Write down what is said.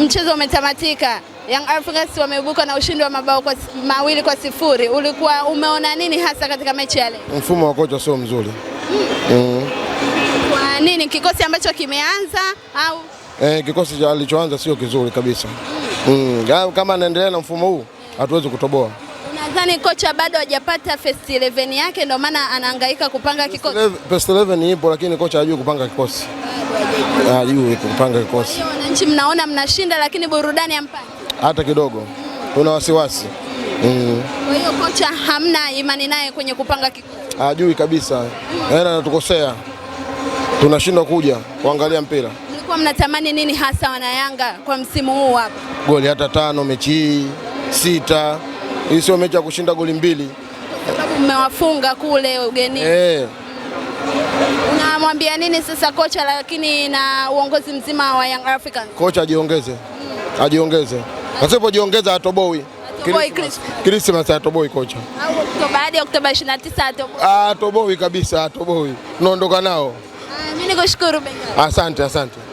mchezo umetamatika. Young Africans wameibuka na ushindi wa mabao kwa mawili kwa sifuri. Ulikuwa umeona nini hasa katika mechi yale? Mfumo wa kocha sio mzuri. Mm. Mm. Kwa nini kikosi ambacho kimeanza au eh, kikosi alichoanza sio kizuri kabisa. Mm. Mm. Kama anaendelea na mfumo huu hatuwezi kutoboa. Unadhani kocha bado hajapata first 11 yake ndio maana anahangaika kupanga kikosi. First 11 ipo lakini kocha hajui kupanga kikosi ajue ah, kupanga kikosi. Wananchi mnaona mnashinda, lakini burudani hampati hata kidogo, kuna wasiwasi mm. Kwa hiyo kocha hamna imani naye kwenye kupanga kikosi, ajui ah, kabisa mm. Anatukosea, tunashindwa kuja kuangalia mpira. Mlikuwa mnatamani nini hasa wanayanga kwa msimu huu hapa? Goli hata tano mechi hii sita, hii sio mechi ya kushinda goli mbili, sababu mmewafunga kule ugenini. Hey. Eh. Unamwambia nini sasa kocha, lakini na uongozi mzima wa Young Africans? Kocha ajiongeze, mm. ajiongeze, asipojiongeza atoboi Krismasi atoboi kocha, baada ya Oktoba 29 atoboi. Ah, atoboi kabisa, atoboi, unaondoka nao. Ah, mimi nikushukuru Benga. Asante, asante.